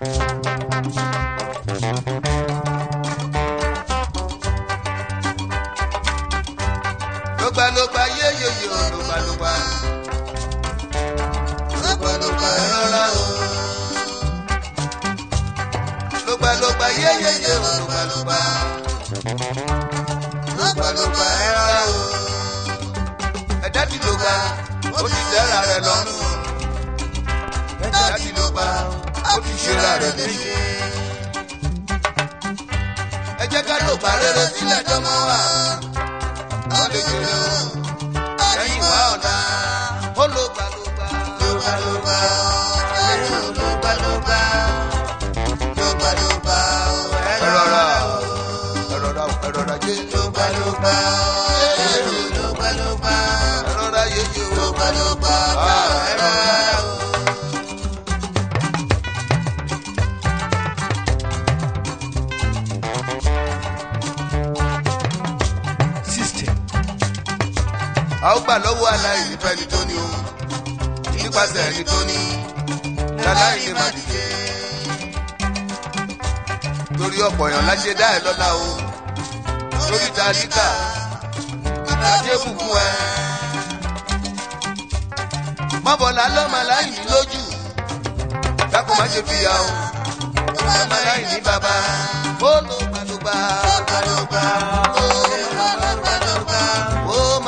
lóbalóba yéyéyé o lóbalóba lóbalóba rárá o lóbalóba yéyéyé o lóbalóba lóbalóba rárá o ẹ̀dá ti lóba ó ti dára rẹ̀ lọ́rùn ẹ̀dá ti lóba ó ti ṣe ra rẹ̀ níbi. ẹ jẹ́ ká lò bá rere sílẹ̀ jọmọ́. gbà lọ́wọ́ aláìní fẹ́ni tó ní o nípasẹ̀ ẹni tó ní láláìní má dìde. torí ọ̀pọ̀ èèyàn láṣẹ dá ẹ lọ́lá o lórí ta níkà lájẹ́ bùkún ẹ. mọ́bọ̀lá lọ́mọ aláìní lójú dákun má ṣe fìyà o lọ́mọ aláìní bàbá ó lọ́ọ́ gbàdúgbà ó gbàdúgbà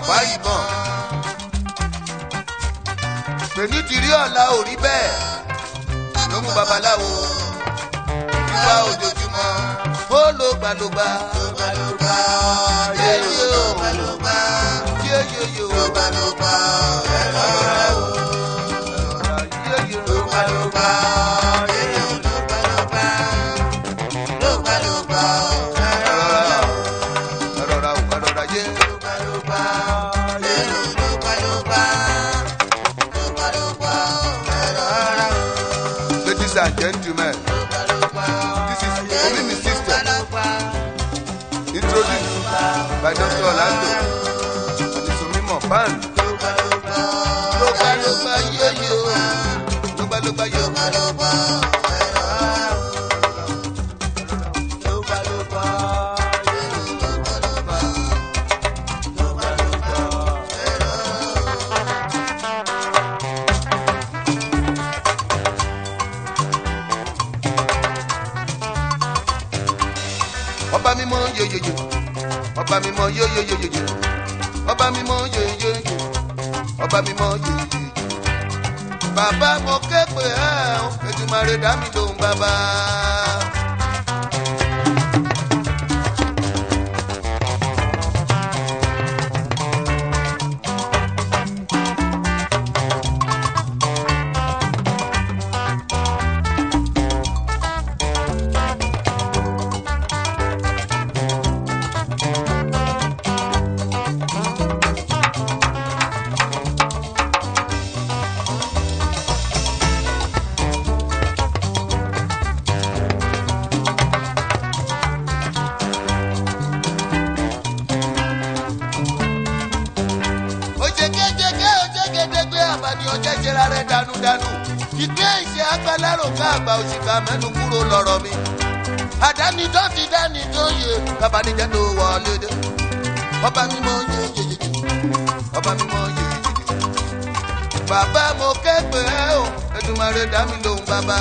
bàbá ìmọ̀ pẹ̀lú tìrí ọ̀la ò rí bẹ́ẹ̀ ló mú babaláwo ìwà ojoojúmọ́ ó lo gbàlógbà. ló gbàlógbà yóò yóò yóò. ọba mímọ́ bàbá mo ké pè Èdùmàrè dá mi lóhùn bẹ lẹ́rù ká àgbà òṣìkà mẹ́nu kúrò lọ́rọ̀ mi. àdáni ti dání tó yẹ bàbá níjẹ́ tó wọlé dé. ọba mi mọ yé yéyé ọba mi mọ yé yéyé. bàbá mo kẹ́gbẹ́ o Èdùmàrè dá mi lóhùn bàbá.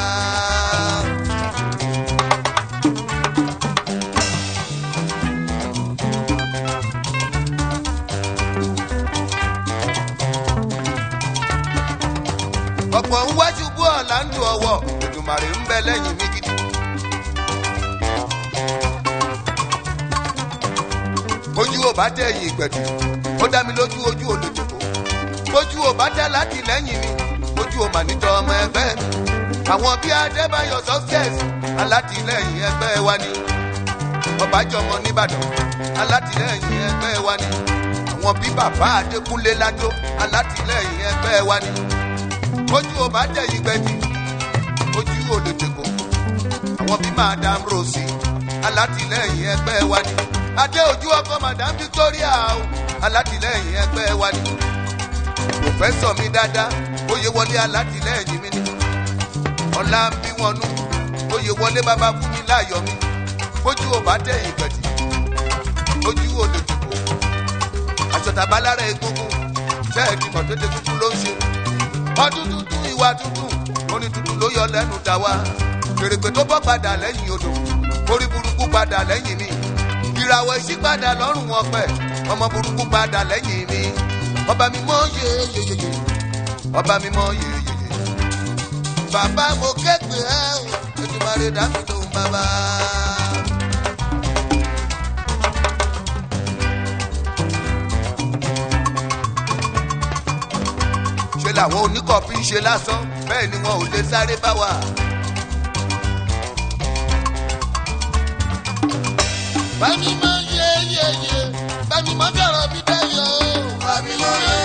ọ̀pọ̀ ń wájú náà là ń lu ọwọ́ Èdùmàrè ń bẹ lẹ́yìn mi gidi. ojú ò bá tẹ ẹ̀yìn ìpẹ̀tù ó dá mi lójú ojú olùdìbò ojú ò bá tẹ láti lẹ́yìn mi ojú ò mà nítọ́ ọmọ ẹgbẹ́ mi àwọn bíi Adébáyọ̀ success alátìlẹ́yìn ẹgbẹ́ wa ni ọbàjọmọ nìbàdàn alátìlẹ́yìn ẹgbẹ́ wa ni àwọn bíi bàbá Adékúnlé Ládó alátìlẹ́yìn ẹgbẹ́ wa ni tójú ò bá jẹ́ ìgbẹ́jì ojú ò àwọn bí madam rosie alátìlẹ́yìn ẹgbẹ́ wa ni adé ojú ọkọ madam victoria o alátìlẹ́yìn ẹgbẹ́ wa ni pòfẹ́sọ̀ mi dáadáa oyè wọlé alátìlẹ́yìn mi ni ọlá ń bí wọn nú oyè wọlé bàbá fún mi láyọ̀ mi bójú ò bá jẹ́ ìgbẹ́jì ojú ò lè tẹ̀kọ̀ egungun bẹ́ẹ̀ ni mọ̀tò dé kúkú ló ń ṣe ọdún dúdú ìwà dúdú orin dúdú ló yọ lẹ́nu dá wa fèrèpè tó bọ́ padà lẹ́yìn odò orí burúkú padà lẹ́yìn mi ìràwọ̀ èsì padà lọ́rùn wọn pẹ̀ ọmọ burúkú padà lẹ́yìn mi ọba mímọ́ yeyeyeye ọba mímọ́ yeyeye bàbá mo kẹ́gbẹ̀ẹ́ o ètò ìmọ̀ràn ìdáhùn lòun bàbá. làwọn oníkọ̀ọ́fì ń ṣe lásán bẹ́ẹ̀ ni wọn ò lè sáré bá wa. bámi mọ yeye bámi mọ bẹ̀rọ̀ bí bẹ́ẹ̀ yọ. bámi mọ yeye.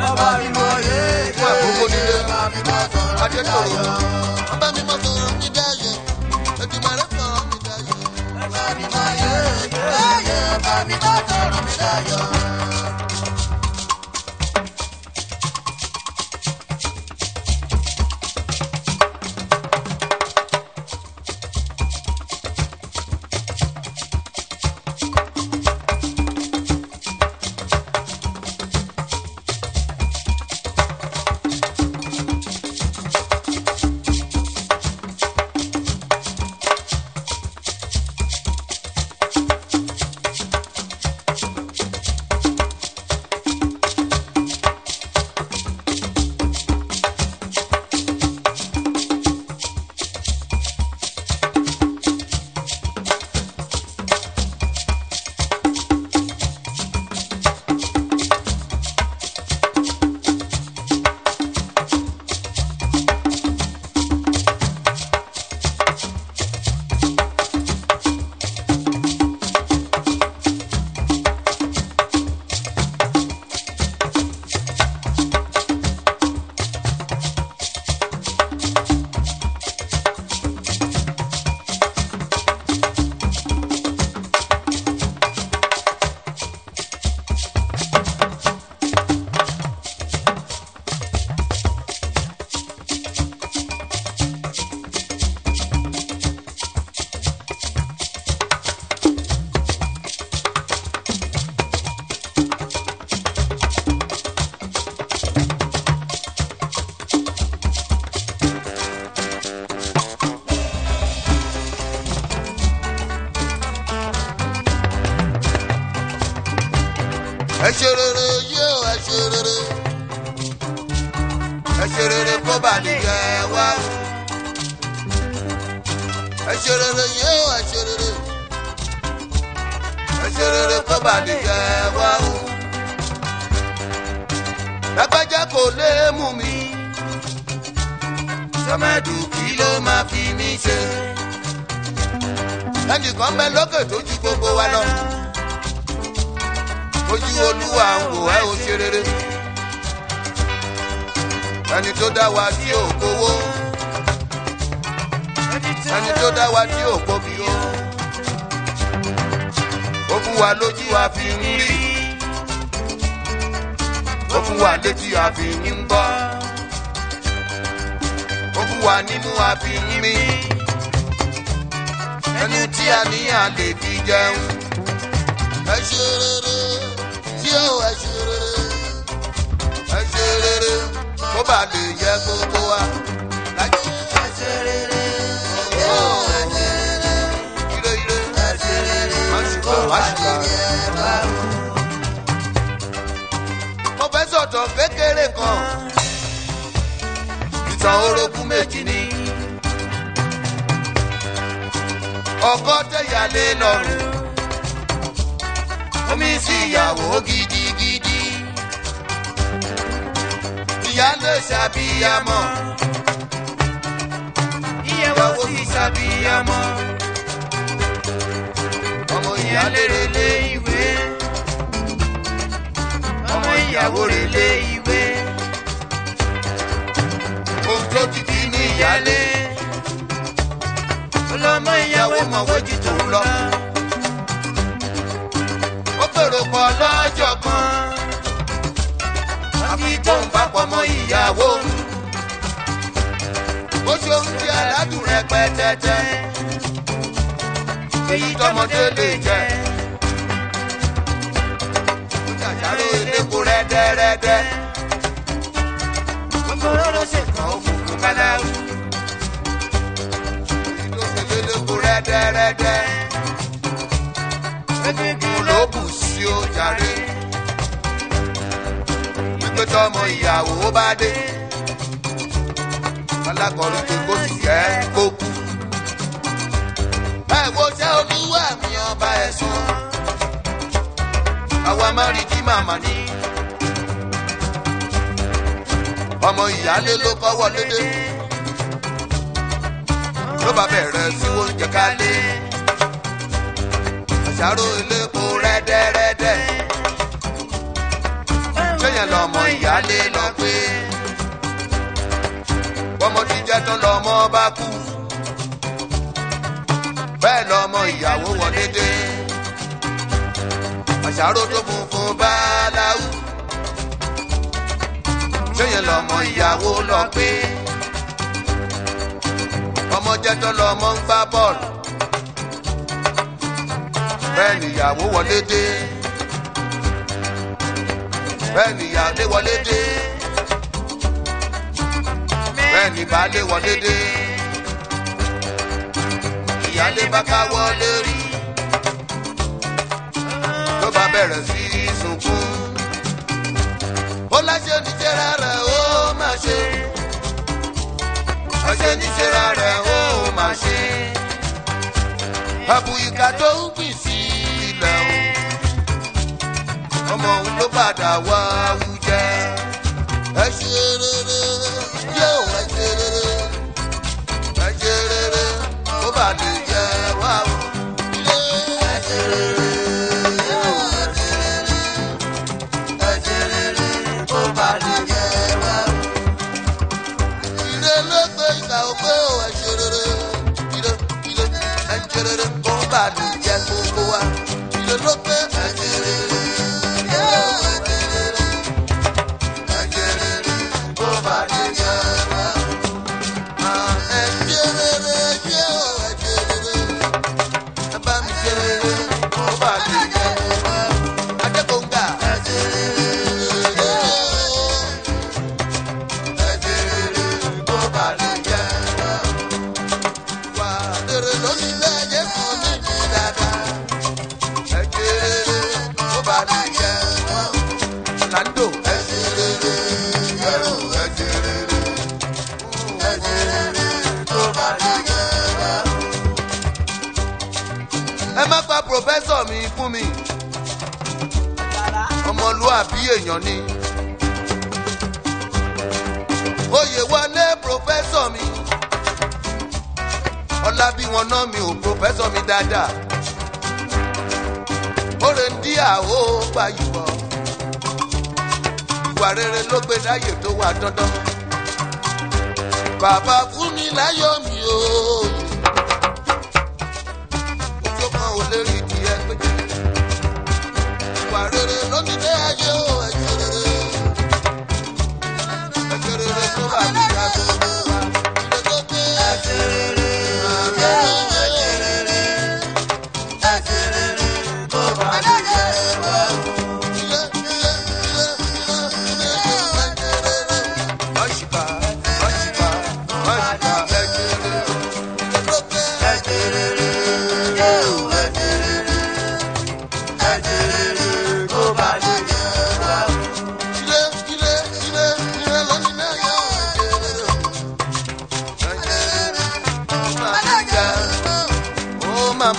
ọba mi mọ yé yé yé ọba mi mọ sọ̀rọ̀ mi dayọ̀. ọba mi mọ sọ̀rọ̀ mi dayọ̀ Èdùmàrè sọ̀rọ̀ mi dayọ̀. ọba mi mọ yé yé yé ọba mi mọ sọ̀rọ̀ mi dayọ̀. ẹ ṣe rere kó bà nìyẹn wá ẹ ṣe rere yóò ẹ ṣe rere ẹ ṣe rere kó bà nìyẹn wá o lágbájá kò lè mú mi sọmẹdù kí ló máa fi mí ṣe ẹnìkan bẹ lókè tó ju gbogbo wa lọ ojú olúwa ń wò ẹ ò ṣe rere ẹni tó dá wa tí ò gbowó ẹni tó dá wa tí ò gbòbí o ó fún wa lójú a fi ń rí ó fún wa létí a fi ń gbọ́ ó fún wa nímú a fi ẹni tí a ní à lè fi jẹun ẹ rere tí ó ẹ rere ẹ rere kó bá lè yẹ kókó wa. mo fẹ́ sọ̀tọ̀ kékeré kan ìtàn orogún méjì ni ọkọ tẹ̀yà lé lọ́rùn omi sí ìyàwó gidi. ìyá ló ṣàbíyamọ. ìyàwó sì ṣàbíyamọ. ọmọ ìyá lèrè lé ìwé. ọmọ ìyàwó rè lé ìwé. ohun tó ni ìyálé. ọlọ́mọ ìyàwó mọ̀ wójú tó ń lọ. pọmọ ìyàwó ó ṣe oúnjẹ aládùn rẹpẹtẹtẹ èyí tọmọdé lè jẹ ó jàjàrò elépo rẹdẹrẹdẹ gbogbo rọrọ ṣe kàn ó fòkó kálẹ́wù èyí tó ṣe lélépo rẹdẹrẹdẹ egungun ló bù sí ó tọmọ ìyàwó bá dé alákọ̀ọ́rọ̀ pé kó sì kẹ́ kó kú. ẹ wo ṣẹ́ olúwa mi ọba ẹ̀sùn àwa má rí kí màmá ní. ọmọ ìyáálé ló kọ́wọ́ lédè ló bá bẹ̀rẹ̀ sí oúnjẹ ká àṣàrò ilé kó rẹ́dẹ́rẹ́dẹ́ téèyàn lọ́mọ ìyáálé lọ pé bọ́mọ ti jẹ́ tán lọ́mọ bá kú bẹ́ẹ̀ lọ́mọ ìyàwó wọlé dé àṣàrò tó funfun báláwú téèyàn lọ́mọ ìyàwó lọ pé ọmọ jẹ́ tán lọ́mọ ń gbá bọ́ọ̀lù bẹ́ẹ̀ nìyàwó wọlé dé bẹ́ẹ̀ ni ìyá lé wọlé dé bẹ́ẹ̀ ni bá lé wọlé dé ìyá lé bá ká wọlé rí ló bá bẹ̀rẹ̀ sí í sunkún ó láṣẹ oníṣẹ́ rárá ó má ṣe ọṣẹ oníṣẹ́ rárá ó má ṣe àbùyíká tó ń gbìn sí i ọmọ òun ló padà wá lọ́dọ̀ mi fún mi ọmọlúàbí èèyàn ni. oyè wọlé pòfẹ́sọ̀ mi ọlá bí wọn ná mi ò pòfẹ́sọ̀ mi dáadáa. oore ń dí àwọ̀ gbayìwọ̀ ìwà rere ló gbé dáyè tó wà dandan. bàbá fún mi láyọ̀ mi ooo.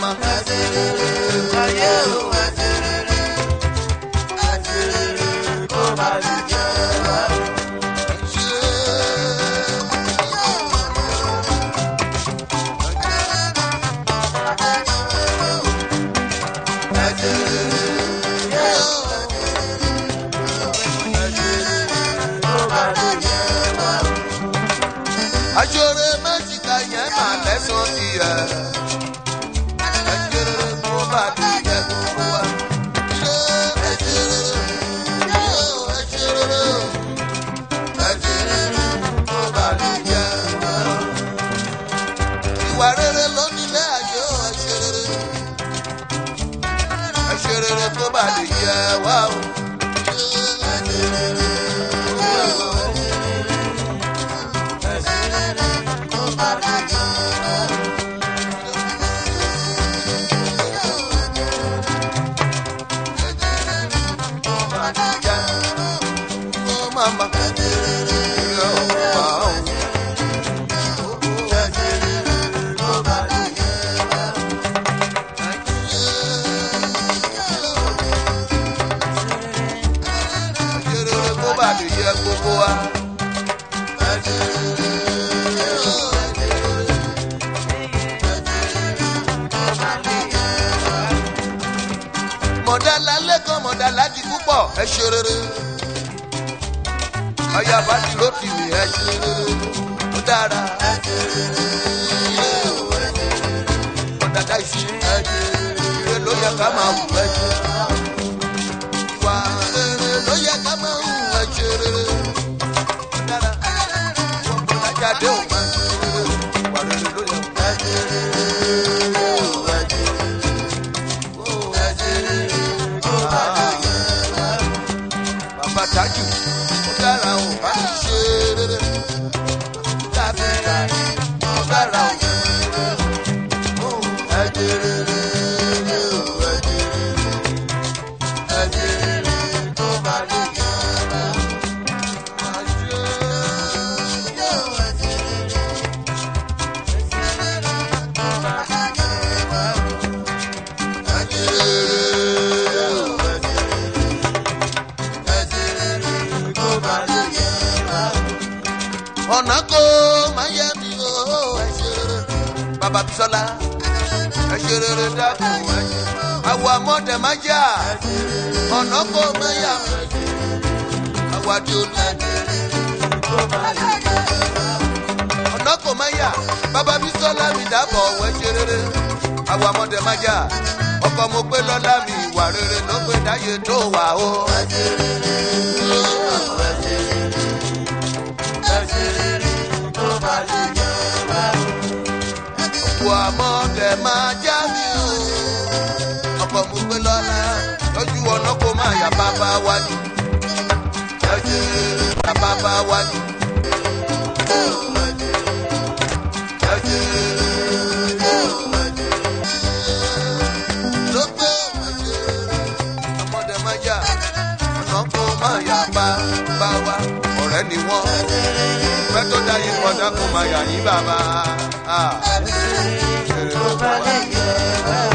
mama ẹ ṣe rere ọyá bá ti lókì mi ẹ ṣe rere ó dára ẹ ṣe ìṣe ẹ ló yẹ ká máa wù ẹ ọmọdé má jà ọ̀nà kò má yà àwàdì olùdí ọ̀nà kò má bàbá bí sọ́lá mi dábọ̀ ọ̀wẹ́ ṣe rere àwọn ọmọdé jà ọkọ̀ mo pé lọ́lá mi ìwà rere ló pé dáyé tó wà ó. Wàmọ́ dẹ̀ máa jẹ́. wa ni ẹ jẹ́ ká bàbá wa ni. ọ̀rẹ́ ni wọ́n pẹ́ tó dá yín pọ̀dá kó máa yà yín bàbá. Ẹ̀ẹ́dẹ́gbẹ̀rún ah. ló bá lẹ́yìn ẹ̀rọ.